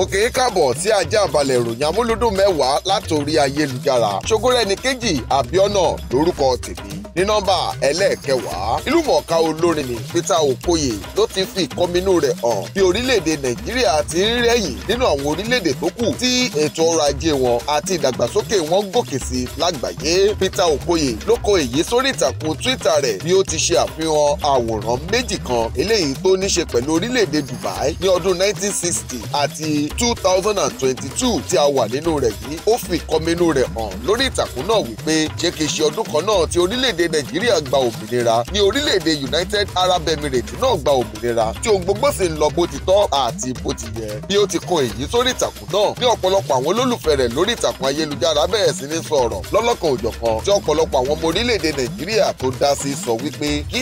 mo kì í kàbọ̀ tí ajá balẹ̀ ìròyìn amúlùdùn mẹ́wàá látòrí ayélujára ṣogúnrẹ́ni kejì àbíọ́nà lórúkọ tèmi ní nọ́mbà ẹlẹ́ẹ̀kẹwàá ìlúmọ̀ọ́ká olórin ní Peter Okoye ló ti fi ìkọminú rẹ̀ hàn bí orílẹ̀-èdè Nàìjíríà ti ń rẹ̀yìn nínú àwọn orílẹ̀-èdè tó kù tí ètò ọrọ̀ ajé wọn àti ìdàgbàsókè wọn gòkè sí lágbàáyé Peter Okoye ló kọ èyí sórí ìtàkùn Twitter rẹ̀ bí ó ti ṣe àfihàn àwòrán méjì kan eléyìí tó ní ṣe pẹ̀lú orílẹ̀-èdè Dubai ní ọdún 1960 àti two thousand and twenty-two tí a wà nínú rẹ̀ yìí ó fi ìkọminú rẹ̀ hàn lórí ìtàkùn náà wípé ṣé kìí ṣe ọdún kan náà tí orílẹ̀-èdè nàìjíríà gba òmìnira ní orílẹ̀-èdè united arab emirates náà gba òmìnira tí ohun gbogbo sì ń lọ bó ti tọ́ àti bó ti yẹ bí ó ti kan èyí sórí ìtàkùn náà ní ọ̀pọ̀lọpọ̀ àwọn olólùfẹ́ rẹ̀ lórí ìtàkùn ayélujára bẹ̀rẹ̀ sí ní sọ̀rọ̀ lọ́lọ́kan òjọ̀kan tí ọ̀pọ̀lọpọ̀ àwọn ọmọ orílẹ̀-èdè nàìjíríà tó dá sí sọ wípé kì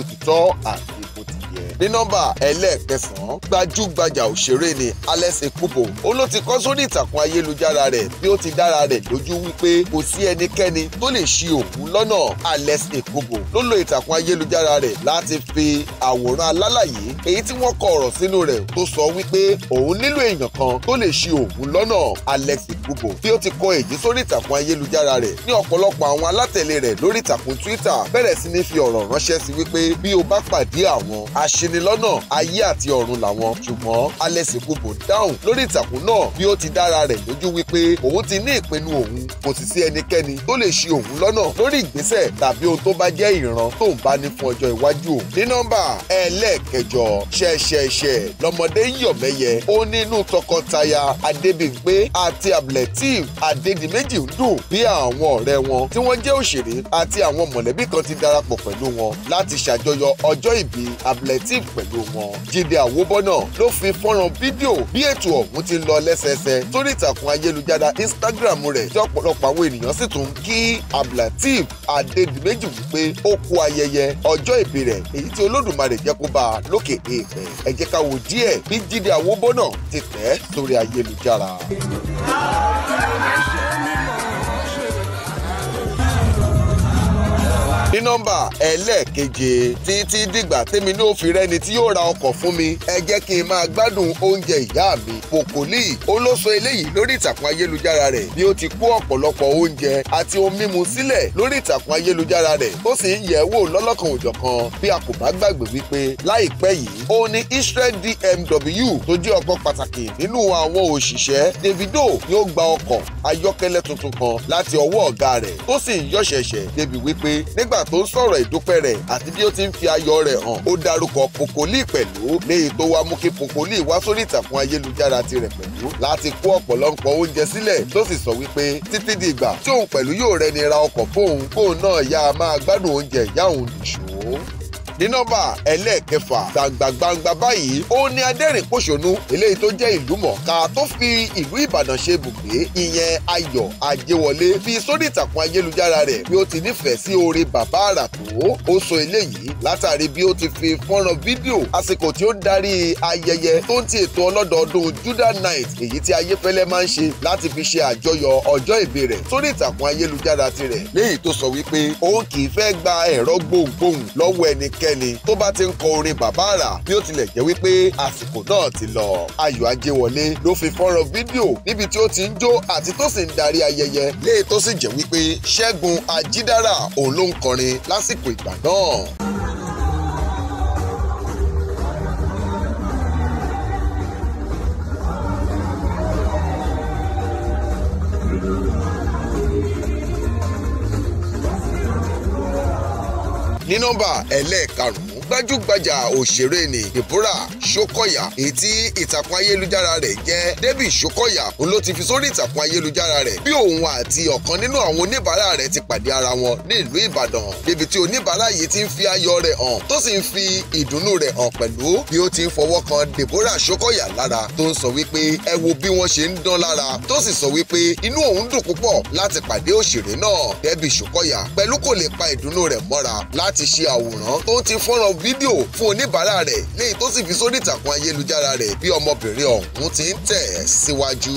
í tọ́ àti bó ti yẹ. ní nọ́mbà ẹlẹ́ẹ̀kẹsàn-án gbajúgbajà òṣèré ni Alex Ekubo ó ló ti kọ́ sórí ìtàkùn ayélujára rẹ̀ bí ó ti dára rẹ̀ lójú wípé kò sí ẹnikẹ́ni tó lè ṣi òkú lọ́nà Alex Ekubo ló lo ìtàkùn ayélujára rẹ̀ láti fi àwòrán alálàyé èyí tí wọ́n kọ ọ̀rọ̀ sínú rẹ̀ tó sọ wípé òun nílò èèyàn kan tó lè ṣe òun lọ́nà Alex Igboho tí ó ti kọ èyí sórí ìtàkùn ayélujára rẹ̀ ní ọ̀pọ̀lọpọ̀ àwọn alátẹ̀lé rẹ̀ lórí ìtàkùn Twitter bẹ̀rẹ̀ sí ní fi ọ̀rọ̀ ránṣẹ́ sí wípé bí o bá pàdé àwọn aṣinilọ́nà ayé àti ọ̀run làwọn ṣùgbọ́n Alex Igboho dáhùn lórí ìtàkùn náà bí ó ti dára rẹ̀ lójú wípé òun ti ní ìpinnu òun kò sì sí ẹnikẹ́ni tó lè ṣe òun lọ́nà lórí ìgbésẹ̀ tàbí ohun tó bá jẹ́ ìran tóun bá ní fún ọjọ́ iwájú òun ní nọ́mbà ẹlẹ́ẹ̀kẹjọ ṣẹ̀ṣẹ̀ṣẹ̀ lọ́mọdé yọ̀mẹ́yẹ ó nínú tọkọtaya adébíyìnpé àti abletiv adédìméjì ń dùn bí àwọn ọ̀rẹ́ wọn tí wọ́n jẹ́ òṣèré àti àwọn mọ̀lẹ́bí kan ti darapọ̀ pẹ̀lú wọn láti ṣàjọyọ̀ ọjọ́ ìbí abletiv pẹ̀lú wọn jíde àwòbọ́nà ló fi fọ́nrán fídíò bí ètò ọ̀hún ti lọ lẹ́sẹẹsẹ sórí ìtàkùn ayélujára instagram rẹ̀ tí ọ̀pọ̀lọpọ̀ àwọn ènìyàn sì tún kí abletiv adédìméjì wípé ó kú ayẹyẹ ọjọ́ ìbí rẹ̀ èyí tí olódùm Olódùmarè jẹ́ kó bá a lókè èèpẹ̀ ẹ jẹ́ ká wò díẹ̀ bí Jídé Àwòbọ́nà ti tẹ̀ sórí ayélujára. ní nọ́mbà ẹlẹ́ẹ̀keje títí dìgbà tèmi ní òfin rẹ́ni tí yóò ra ọkọ̀ fún mi ẹ jẹ́ kí n máa gbádùn oúnjẹ ìyá mi pòkòlì olóso eléyìí lórí ìtàkùn ayélujára rẹ̀ bí ó ti kó ọ̀pọ̀lọpọ̀ oúnjẹ àti ohun mímu sílẹ̀ lórí ìtàkùn ayélujára rẹ̀ ó sì ń yẹ̀ wò lọ́lọ́kan òjọ̀kan bí a kò bá gbàgbé wípé láìpẹ́ yìí ó ní Israel DMW tó jẹ́ ọkọ̀ pàtàkì nínú àwọn òṣìṣẹ́ Davido yóò gba ọkọ̀ ayọ́kẹ́lẹ́ tuntun kan láti ọwọ́ ọ̀gá rẹ̀ tó sì ń yọ̀ṣẹ̀ṣẹ̀ débi wípé nígbà tó ń sọ̀rọ̀ ìdúpẹ́ rẹ̀ àti bí ó ti ń fi ayọ̀ rẹ̀ hàn ó dárúkọ Pokoli pẹ̀lú léyìí tó wá mú kí Pokoli wá sórí ìtàkùn ayélujára tirẹ̀ pẹ̀lú láti kó ọ̀pọ̀lọpọ̀ oúnjẹ sílẹ̀ tó sì sọ wípé títí di ìgbà tí òun pẹ̀lú yóò rẹni ra ọkọ̀ fóun kóun náà yá a máa gbádùn oúnjẹ ìyá òun nìṣó ní nọ́mbà ẹlẹ́ẹ̀kẹfà gbàǹgbàǹgbà báyìí ó ní adẹ́rìn pòṣónú eléyìí tó jẹ́ ìlúmọ̀ọ́ká tó fi ìlú Ìbàdàn ṣe ibùgbé ìyẹn Ayọ̀ Ajéwọlé fi sórí ìtàkùn ayélujára rẹ̀ bí ó ti nífẹ̀ẹ́ sí oore bàbá àràtò ó sọ eléyìí látàrí bí ó ti fi fọ́nrán fídíò àsìkò tí ó darí ayẹyẹ tó ń ti ètò ọlọ́dọọdún Judah Night èyí tí Ayéfẹ́lẹ́ máa ń ṣe láti fi ṣe àjọyọ̀ ọjọ́ ìbí rẹ̀ sórí ìtàkùn ayélujára tirẹ̀ léyìí tó sọ wípé òun kì í fẹ́ gba ẹ̀rọ gbohùngbohùn lọ́wọ́ ẹnikẹ́ ẹnikẹ́ni tó bá ti ń kọ orin bàbá àrà bí ó tilẹ̀ jẹ́ wípé àsìkò náà ti lọ. ayọ̀ ajéwọlé ló fi fọ́nrán fídíò níbi tí ó ti ń jó àti tó sì ń darí ayẹyẹ léè tó sì jẹ́ wípé ṣẹ́gun ajídára òun ló ń kọrin lásìkò ìgbà náà. ní nọ́mbà ẹlẹ́ẹ̀karùn-ún gbajúgbajà òṣèré ni Deborah Shokoya èyí tí ìtàkùn ayélujára rẹ̀ jẹ́ Debbie Shokoya òun ló ti fi sórí ìtàkùn ayélujára rẹ̀ bí òun àti ọ̀kan nínú àwọn oníbàárà rẹ̀ ti pàdé ara wọn ní ìlú Ìbàdàn débi tí oníbàárà yìí ti ń fi ayọ̀ rẹ̀ hàn tó sì ń fi ìdùnnú rẹ̀ hàn pẹ̀lú bí ó ti ń fọwọ́ kan Deborah Shokoya lára tó ń sọ wípé ẹ wo bí wọ́n ṣe ń dán lára tó sì sọ wípé inú òun dùn púpọ̀ láti pàdé òṣèré náà Debbie Shokoya pẹ̀lú kò lè pa ìdùnnú rẹ̀ mọ́ra láti ṣe àwòrán tó fídíò fún oníbàárà rẹ̀ léyìí tó sì fi sórí ìtàkùn ayélujára rẹ̀ bí ọmọbìnrin ọ̀hún ti ń tẹ̀ síwájú.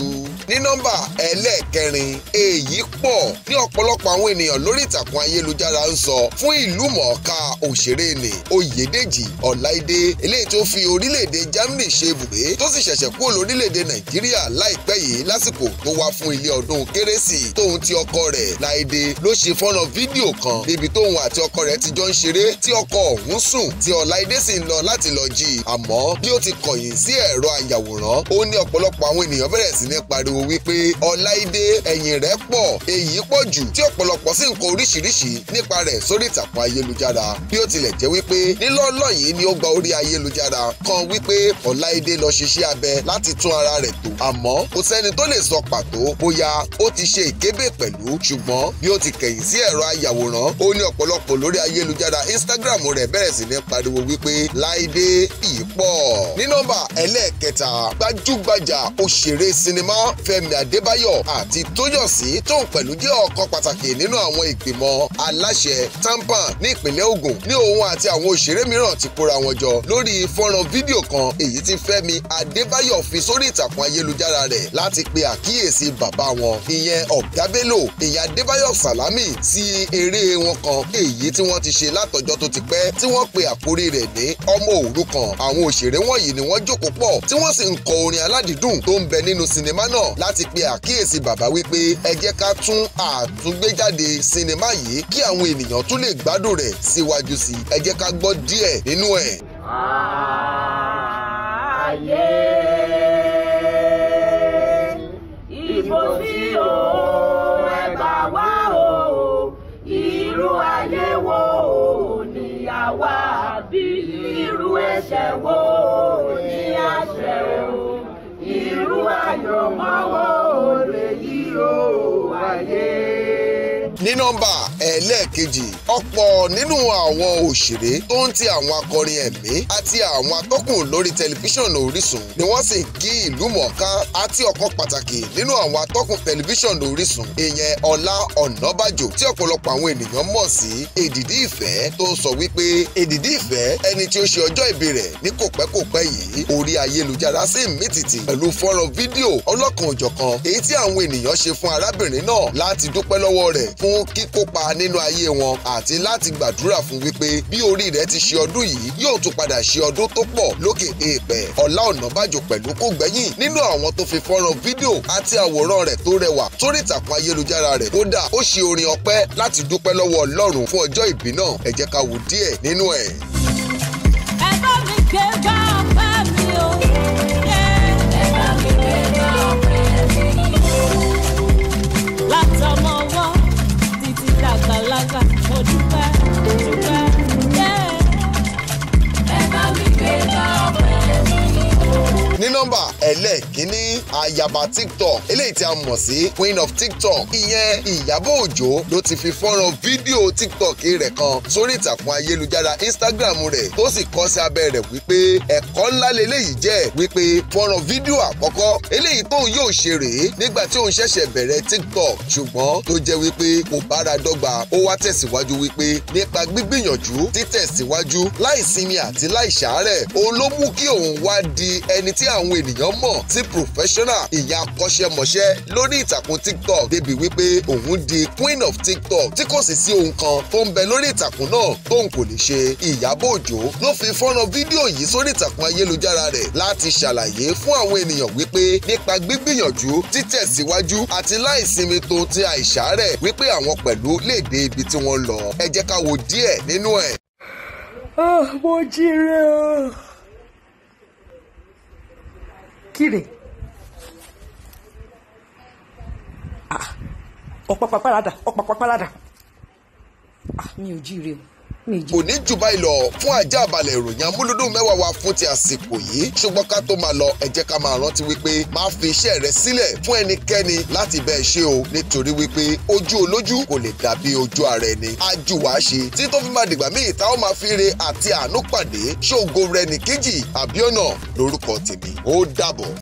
ní nọ́mbà ẹlẹ́ẹ̀kẹrin èyí pọ̀ ní ọ̀pọ̀lọpọ̀ àwọn ènìyàn lórí ìtàkùn ayélujára ń sọ fún ìlú mọ̀ọ́ká òṣèré ni Oyèdèjì Ọláìdé eléyìí tó fi orílẹ̀-èdè Germany ṣe ibùgbé tó sì ṣẹ̀ṣẹ̀ kúrò lórílẹ̀-èdè Nàìjíríà láìpẹ́ yìí lásìkò tó wá fún ilé ọdún kérésì tóun ti ọkọ rẹ̀ Láìdé ló ṣe fọ́nà fídíò kan níbi tóun àti ọkọ rẹ̀ ti jọ ń ṣeré tí ọkọ ọ̀hún sùn tí Ọláìdé sì ń lọ láti lọ jí i àmọ́ bí ó ti kọ̀yìn sí ẹ̀rọ ayàwòrán ó ní ọ̀pọ̀lọpọ̀ àwọn ènìyàn bẹ̀rẹ̀ sí ní pariwo wípé Ọláìdé ẹ̀yìn rẹ̀ pọ̀ èyí pọ̀ jù tí ọ̀pọ̀lọpọ̀ sì ń kọ oríṣiríṣi nípa rẹ̀ sórí ìtàkùn ayélujára bí ó tilẹ̀ jẹ́ wípé nílọ́ọ̀lọ́ yìí ni ó gba orí ayélujára kan wípé Ọláìdé lọ ṣiṣẹ́ abẹ láti tún ara rẹ̀ tò àmọ́ kò sẹ́ni tó lè sọ pàtó bóyá ó ti ṣe ìkébè pẹ̀lú ṣùgbọ́n bí ó ti kẹ̀yìn sí ẹ̀rọ ayàwòrán ó ní ọ̀pọ̀lọpọ̀ lórí ayélujára Instagram rẹ̀ bẹ̀rẹ̀ sí ní pariwo wípé láìdé ìpọ̀. ní nọ́mbà ẹlẹ́ẹ̀kẹta gbajúgbajà òṣèré sinimá Fẹ́mi Adébáyọ̀ àti Tóyọ̀sí tóun pẹ̀lú jẹ́ ọ̀kan pàtàkì nínú àwọn ìgbìmọ̀ aláṣẹ tampan ní ìpínlẹ̀ Ògùn ní òun àti àwọn òṣèré mìíràn ti kóra wọn jọ lórí fọ́nrán fídíò kan èyí tí Fẹ́mi Adébáyọ̀ fi sórí ìtàkùn ayélujára rẹ̀ láti pe àkíyèsí bàbá wọn ìyẹn ọ̀gá Bello ìyá Adébáyọ̀ Sàlámì sí eré wọn kan èyí tí wọ́n ti ṣe látọjọ́ tó ti pẹ́ tí wọ́n pe à àkórí rẹ̀ ní ọmọ òrukàn àwọn òṣèré wọ̀nyí ni wọ́n jókòó pọ̀ tí wọ́n sì ń kọ orin aládìídùn tó ń bẹ nínú sinimá náà láti pe àkíyèsí bàbá wípé ẹ jẹ́ ká tún àtúngbéjáde sinimá yìí kí àwọn ènìyàn tún lè gbádùn rẹ̀ síwájú sí ẹ jẹ́ ká gbọ́ díẹ̀ nínú ẹ̀. ààyè ìbò sí òun. ní nọ́mbà ẹlẹ́ẹ̀kejì ọ̀pọ̀ nínú àwọn òṣèré tó ń ti àwọn akọrin ẹ̀mí àti àwọn atọ́kùn lórí tẹlifíṣàn Orísun ni wọ́n sì kí ìlú mọ̀ọ́ká àti ọ̀kan pàtàkì nínú àwọn atọ́kùn tẹlifíṣàn Orísun ìyẹn Ọlá Ọ̀nàbàjò tí ọ̀pọ̀lọpọ̀ àwọn ènìyàn mọ̀ sí èdìdí ìfẹ́ tó ń sọ wípé èdìdí ìfẹ́ ẹni tí ó ṣe ọjọ́ ìbí rẹ̀ ní kò pẹ́ kò pẹ́ yìí orí ayélujára sì ń pẹ̀lú fọ́nrán fídíò ọlọ́kan èyí tí àwọn ènìyàn ṣe fún arábìnrin náà láti dúpẹ́ lọ́wọ́ rẹ̀ fún fún kíkópa nínú ayé wọn àti láti gbàdúrà fún wípé bí orí rẹ ti ṣe ọdún yìí yóò tún padà ṣe ọdún tó pọ̀ lókè èèpẹ̀ Ọlá Ọ̀nàbàjọ pẹ̀lú kò gbẹ́yìn nínú àwọn tó fi fọ́nrán fídíò àti àwòrán rẹ̀ tó rẹwà sórí ìtàkùn ayélujára rẹ̀ kódà ó ṣe orin ọpẹ́ láti dúpẹ́ lọ́wọ́ Ọlọ́run fún ọjọ́ ìbí náà ẹ ká wò díẹ̀ nínú ẹ̀. ẹ bá mi gbé sí àyàbá tiktok eléyìí tí a mọ̀ sí queen of tiktok ìyẹn ìyábọ̀ òjó ló ti fi fọ́nrán fídíò tiktok rẹ̀ kan sórí ìtàkùn ayélujára instagram rẹ̀ tó sì kọ́ sí abẹ́ rẹ̀ wípé ẹ̀kọ́ ńlá leléyìí jẹ́ wípé fọ́nrán fídíò àkọ́kọ́ eléyìí tóun yóò ṣe rèé nígbà tí òun ṣẹ̀ṣẹ̀ bẹ̀rẹ̀ tiktok ṣùgbọ́n tó jẹ́ wípé kò bára dọ́gba ó wá tẹ̀síwájú wípé nípa gbígbìyànjú títẹ̀síwájú láìsinmi àti láìṣàárẹ̀ òun ló mú kí òun wá di ẹni tí àwọn ènìyàn mọ̀ sí prof professional ìyẹn akọ́ṣẹ́mọṣẹ́ lórí ìtàkùn tiktok débi wípé òun di queen of tiktok tí kò sì sí ohun kan tó ń bẹ lórí ìtàkùn náà tóun kò lè ṣe ìyábọ̀ òjó ló fi fọ́nrán fídíò yìí sórí ìtàkùn ayélujára rẹ̀ láti ṣàlàyé fún àwọn ènìyàn wípé nípa gbígbìyànjú títẹ̀síwájú àti láìsinmi tó ti àìṣàárẹ̀ wípé àwọn pẹ̀lú lè dé ibi tí wọ́n lọ ẹ jẹ́ ká wo díẹ̀ nínú ẹ̀. Ah, mo jí rẹ o. kí ni. ọ̀pápápárádà ọ̀pápápárádà ah, mi ò jíire o kò ní jù báyìí lọ fún ajá àbálẹ̀ ìròyìn amúlùdùn mẹ́wàá wa fún ti àsìkò yìí ṣùgbọ́n ká tó máa lọ ẹ jẹ́ ká máa rántí wípé máa fi iṣẹ́ rẹ sílẹ̀ fún ẹnikẹ́ni láti bẹ́ẹ̀ ṣe o nítorí wípé ojú olójú kò lè dàbí ojú ara ẹni ajú wàá ṣe tí tó fi máa dìgbà míì tá ó máa fi re àti àánú pàdé ṣògo rẹ nìkejì àbíọ́nà lórúkọ tèmi ó dàbọ̀.